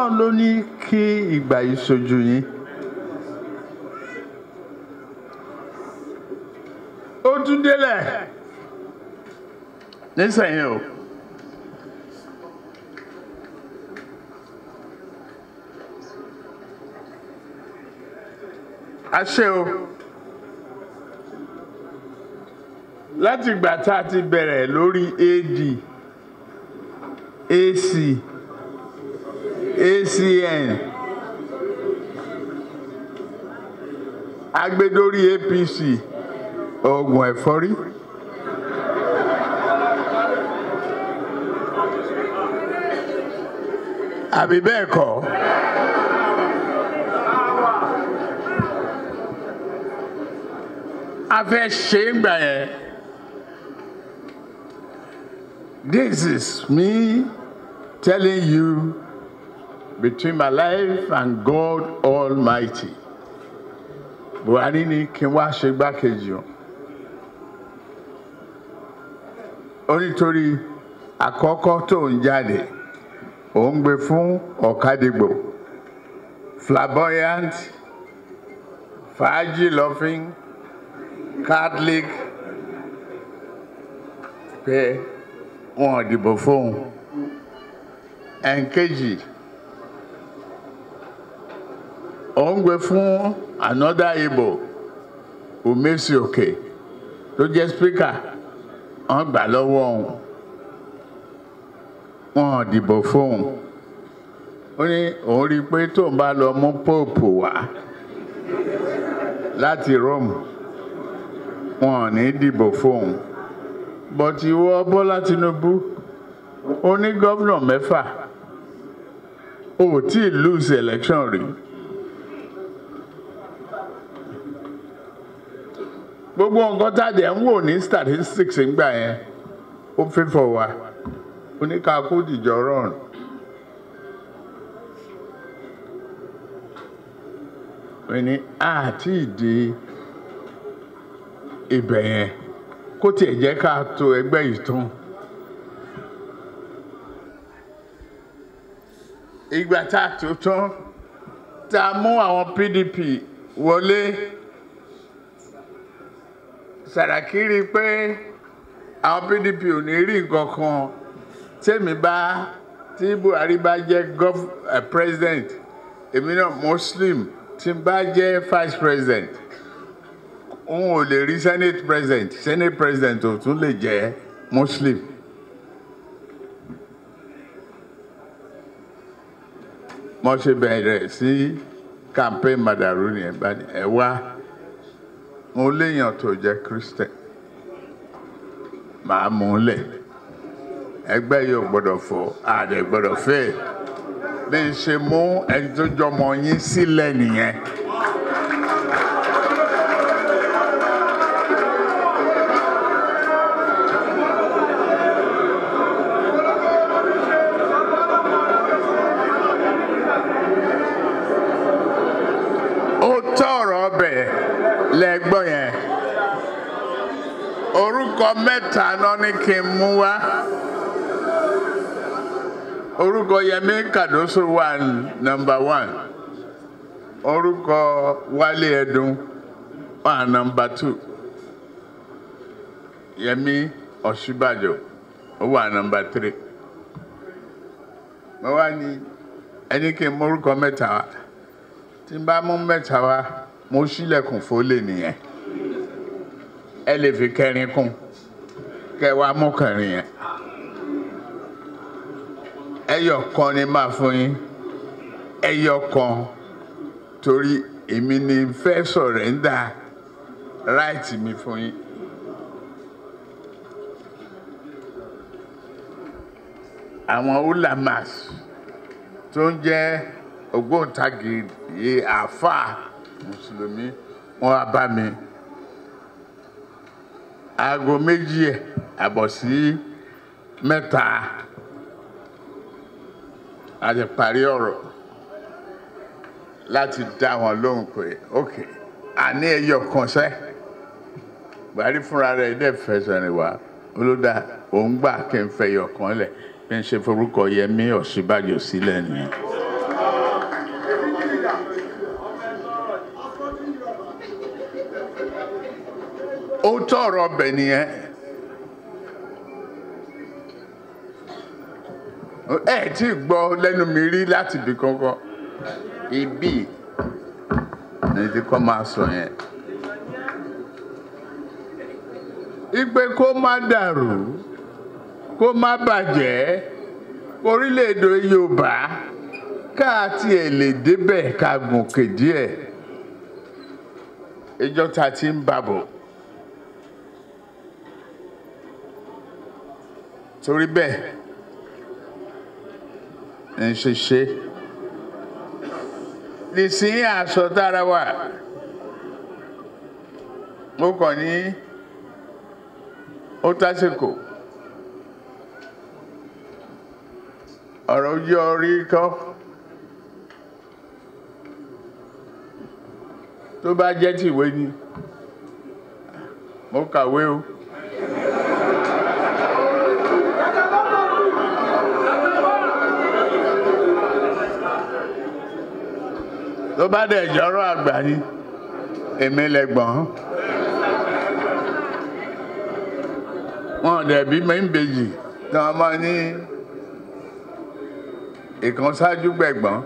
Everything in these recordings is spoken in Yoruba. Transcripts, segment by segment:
ọlọ́run ló ní kí ìgbà yìí ṣojú yín. ó tún délẹ̀ nísìnyí o. àṣẹ o láti ìgbà tá a ti bẹ̀rẹ̀ lórí AD AC acn agbedori apc oògùn ẹ̀fọ́rí. àbí bẹ́ẹ̀ kọ́. a ṣe é gbà yẹn. This is me telling you between my life and God Almighty. Buhari ní kí n wá ṣe gbákejì o. Ó nítorí àkọ́kọ́ tó ń jáde, ó ń gbé fún ọ̀kadìgbò, flamboyant, fàájì lọ́fín, catholic, pé wọn ò dìbò fóun. Ẹ̀ǹkejì ọ̀ǹgbẹ fún another Igbo Umesi Oke ló jẹ́ spíkà wọ́n gbà lọ́wọ́ òun wọ́n dìbò fóun ó ní òun rí i pé tóun bá lọ mú pope wá láti Rome wọn ò ní dìbò fóun bọ́tí ìwọ Bọ́lá Tinubu ó ní gómìnà mẹ́fà ó tí ì lose election rí. gbogbo nǹkan tàdé ń wò ní statistics ńgbà yẹn ó fífọ wa oníkàkú dìjọ rọrùn. ẹni àti ìdí ibẹ̀ yẹn kó tiẹ̀ jẹ́ ká to ẹgbẹ́ yìí tán. ìgbà tá a tó tán tá a mú àwọn PDP wọlé. Sàràkí rí i pé àwọn PDP ò ní rí nǹkan kan tèmi bá tí Buhari bá jẹ́ gov uh, president èmi náà Muslim tí bá jẹ́ vice president òun ò lè rí senate president senate president ò tún lè jẹ́ Muslim. mo ṣe bẹ̀rẹ̀ sí campaign màdàrú ni ẹ̀ wá mo léèyàn tó jẹ́ christian màá mú un lẹ̀ ẹgbẹ́ yóò gbọ́dọ̀ fọ́ àdè gbọ́dọ̀ fẹ́ bí n ṣe mú ẹni tó jọmọ yín sílẹ̀ nìyẹn. orúkọ mẹ́ta náà ní kí n mú wá orúkọ Yẹmí Kàdóso wà nọ́mbà wán orúkọ Wálé Ẹdùn wà nọ́mbà tù Yẹmí Ọ̀ṣínbàjò ó wà nọ́mbà tírì mo wá ní ẹni kí n mú orúkọ mẹ́ta wá tí n bá mú mẹ́ta wá mo ṣílẹ̀kùn fólè nìyẹn ẹ lè fi kẹrin kún kẹwàá mọ́kànrin yẹn ẹyọ kan ni máa fún yín ẹyọ kan torí èmi ni fẹ́ sọ̀rẹ́ńdà ráìtì mi fún yín. àwọn ulamas tó ń jẹ́ ògbóǹtagì àáfàá mùsùlùmí wọ́n wá bá mi aago méjì àbọ̀ sí mẹ́ta a ti parí ọ̀rọ̀ láti dá wọn lóhùn pé ok àní ẹyọ kan sẹ́ Buhari fúnra rẹ̀ dẹ̀ fẹsẹ̀ rìn wá olódà òun gbà kí n fẹyọ kan lẹ̀ bí n ṣe forúkọ Yẹmí Ọ̀ṣínbàjò sílẹ̀ nìyẹn. ó tọrọ ọbẹ nìyẹn ẹ tí gbọ́ lẹnu mi rí láti ibì kankan ibi ni ti kọ́ máa sọ yẹn ìpè kó má dàrú kó má bàjẹ́ orílẹ̀-èdè Yorùbá káà tiẹ̀ lè débẹ̀ ká gòkè díẹ̀ ìjọ ta ti ń bàbọ̀. torí bẹ́ẹ̀ ń ṣe ṣe lè sí aṣọ tára wà ó kàn ní ó tásìkò ọ̀rọ̀ ojú ọrí kọ́ tó bá jẹ́ tìwé ni mo kàwé o. tó bá dẹ̀ jọ̀rọ̀ àgbà ni èmi lẹ gbọ̀n wọn dẹ̀ bí mẹ́ńbèjì tí wọ́n máa ní ìkan ṣáájú gbẹ̀gbọ́n.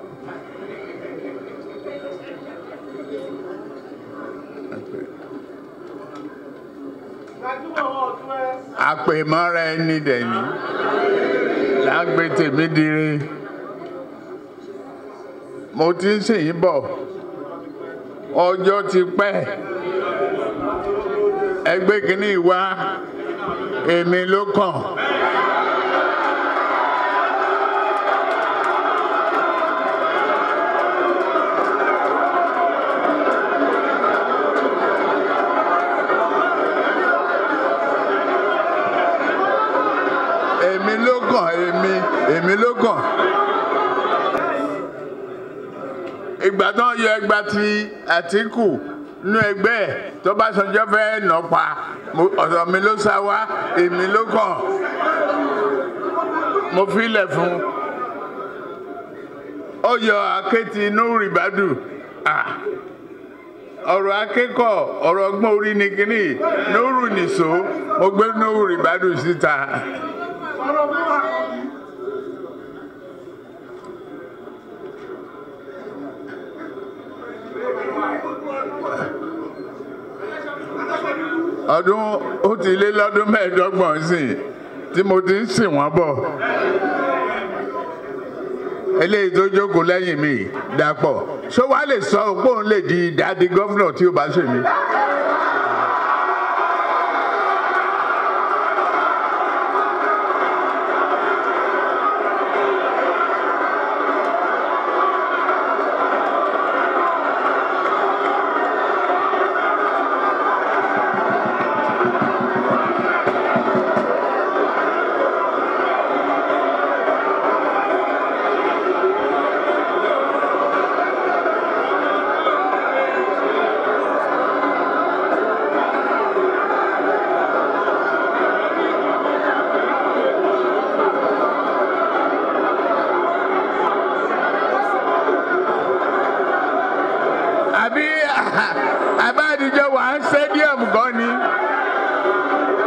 àpèmọ́ra ẹni dẹ̀ ní lágbètèmídìrí mo ti ń sìn yín bọ̀ ọjọ́ ti pẹ́ ẹgbẹ́ kìíní wá èmi ló kàn. èmi ló kàn èmi èmi ló kàn ìgbà tó yọ ẹgbà ti Àtíkù nú ẹgbẹ́ ẹ̀ tó bá sanjọ́ fẹ́ nà pa ọ̀dọ̀ mi ló sá wá èmi ló kàn mo filẹ̀ fún un ó yọ akéèti inú rìbádù ọ̀rọ̀ akẹ́kọ̀ọ́ ọ̀rọ̀ ọgbọ́n orí ni kínní nóòrù nìṣó mo gbé nóòrù rìbádù síta. ọdún ó ti lé lọ́dún mẹ́ẹ̀ẹ́dọ́gbọ̀n sìn tí mo ti ń sìn wọ́n bọ̀ eléyìí tó jókòó lẹ́yìn mi dàpọ̀ ṣó wàá lè sọ pé òun lè di ìdádì gọ́fúnà tí ó bá ṣèmi. àbádìjọ wà ń stadium gan ni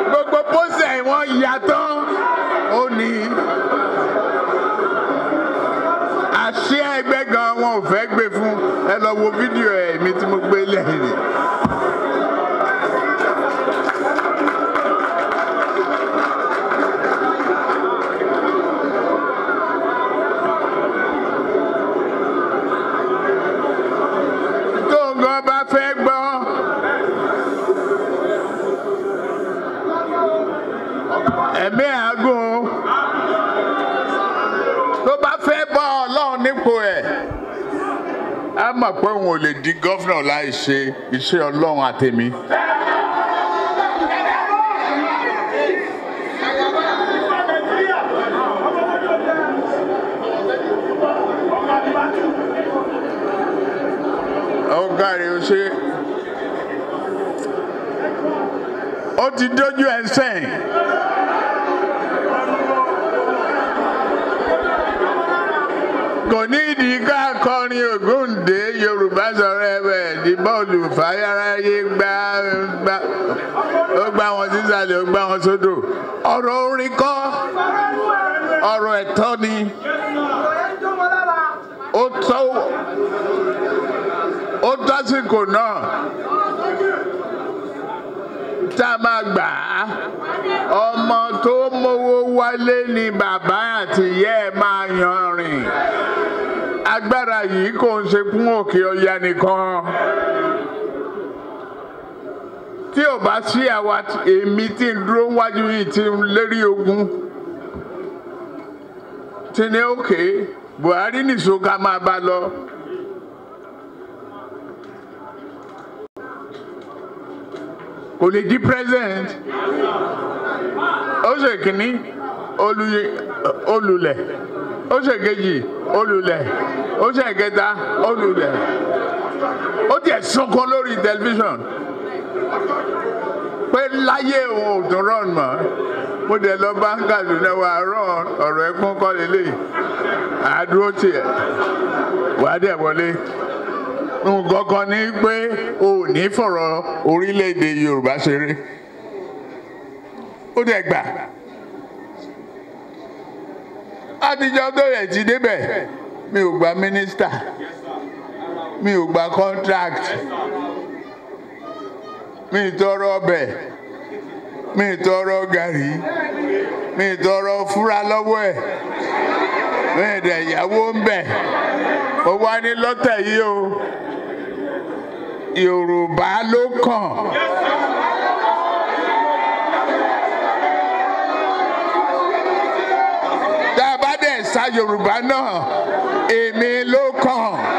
gbogbo pósẹ̀ wọn yàtọ̀ ó ní àṣẹ ẹgbẹ́ gan wọn ò fẹ́ gbé fún ẹ lọ wo fídíò ẹ̀ mi tí mo gbé lẹ́yìn rẹ̀. mọ̀ pé òun ò lè di gọ́vnà láì ṣe iṣẹ́ ọlọ́run àtẹ̀mí. ọgáre ó ṣe ó ti dójú ẹsẹ̀. ṣùgbọ́n olùfàyàráyé gbá ó gbá wọn sísàlẹ̀ ó gbá wọn sódò ọ̀rọ̀ orin kọ́ ọ̀rọ̀ ẹ̀tọ́ ni ó tọ́ ó tásìkò náà tá a máa gbà á ọmọ tó mówó wálé ni bàbá àti ẹ̀ máa yan rìn agbára yìí kò ń ṣe fún òkè ọya nìkan tí ò bá sí àwa èmi tí ń dúró wájú yìí tí ń lérí ogun tí ní òkè Buhari nìṣó ká máa bá lọ. kò lè di president ó ṣe kìíní olùlẹ̀ ó ṣe kejì olùlẹ̀ ó kẹta olùlẹ̀ ó tiẹ̀ sunkún lórí tẹlifíṣàn pé láyé òun ò tún rọrùn mọ́ mo dẹ̀ lọ bá ń Kaduna wà rọ ọ̀rọ̀ ẹkún kọ́ lélẹ̀ àdúró tiẹ̀ wà á dẹ̀ wọlé nǹkan kan ní pé o ò ní fọ̀rọ̀ orílẹ̀-èdè Yorùbá ṣeré ó dẹ̀ gbà àtijọ́ tó rẹ̀ ti débẹ̀ mi ò gba mínísítà mi ò gba contract mi tọrọ ọbẹ̀ mi tọrọ gàrí mi tọrọ fúra lọ́wọ́ ẹ̀ mi rẹ̀ ìyàwó ń bẹ̀ ó wá ní lọ́tẹ̀ yìí o Yorùbá ló kàn. tá a bá dẹ̀ sa Yorùbá náà èmi ló kàn.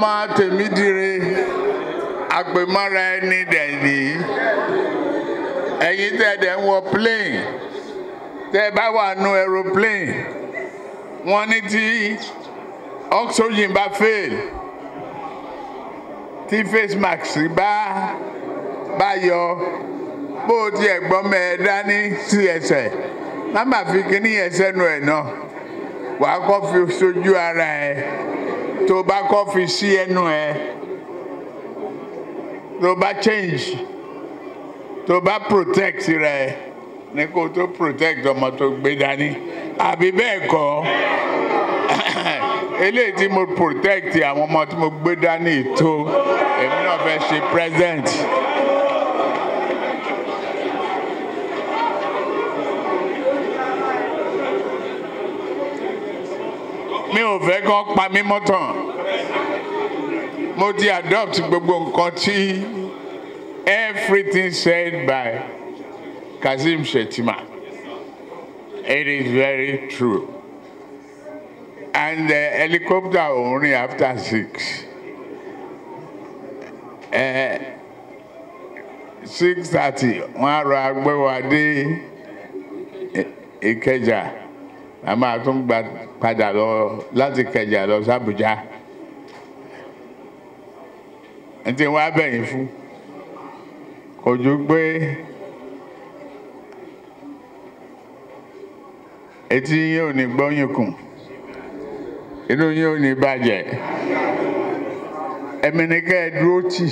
ọmọ tèmídìre àpèmọ́ra ẹni dẹ̀yí ẹ̀yin tẹ́ dẹ̀ ń wọ plane tẹ́ bá wà nù aeroplane wọ́n ní tí oxygen bá fail tí face mask bá bá yọ bó o tiẹ̀ gbọ́ mẹ́ ẹ dání sí ẹsẹ̀ má má fi kíní ẹsẹ̀ nù ẹ̀ náà wàá kọ́ fi sojú ara ẹ̀ tó bá kọ́ fi sí ẹnu ẹ tó bá change tó bá protect rẹ ní kó tó protect ọmọ tó gbé dání àbí bẹ́ẹ̀ kọ́ eléyìí tí mo protect àwọn ọmọ tí mo gbé dání tó èmi náà fẹ́ ṣe present. mi ò fẹ́ kán pa mí mọ́tàn mo ti adopt gbogbo nǹkan tí everything said by Kazim Shettima it is very true and the helicopter òun rìn after six. Uh, six thirty wọ́n á rọ agbẹ́wàdé Ìkẹjà. E, e a máa tún gba padà lọ láti Ìkẹjà lọ sàbújá n tí wọ́n á bẹ̀yìn fún kò ju pé etí yín ò ní gbọ́yìn kùn inú yín ò ní bàjẹ́ ẹ̀mí ni ká ẹ dúró tì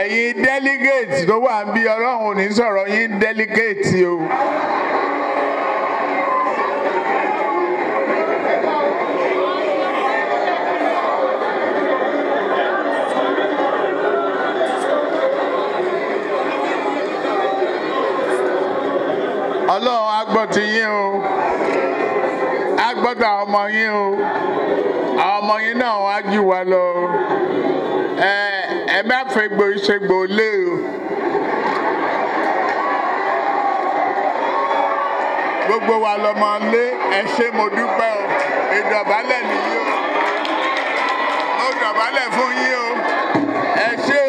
ẹ̀yin délígéètì tó wà ń bí ọlọ́run ò ní sọ̀rọ̀ yín délígéètì o. ọlọ́run á gbọ́ ti yín o á gbọ́dọ̀ àwọn ọmọ yín o àwọn ọmọ yín náà wá jù wá lọ ẹ ẹ má fẹ́ gbò ìṣègbò lé o. gbogbo wa lọmọ lé ẹ ṣé mo dúpẹ́ o ìdọ̀bálẹ̀ nìyí o mo fún yín o ẹ ṣé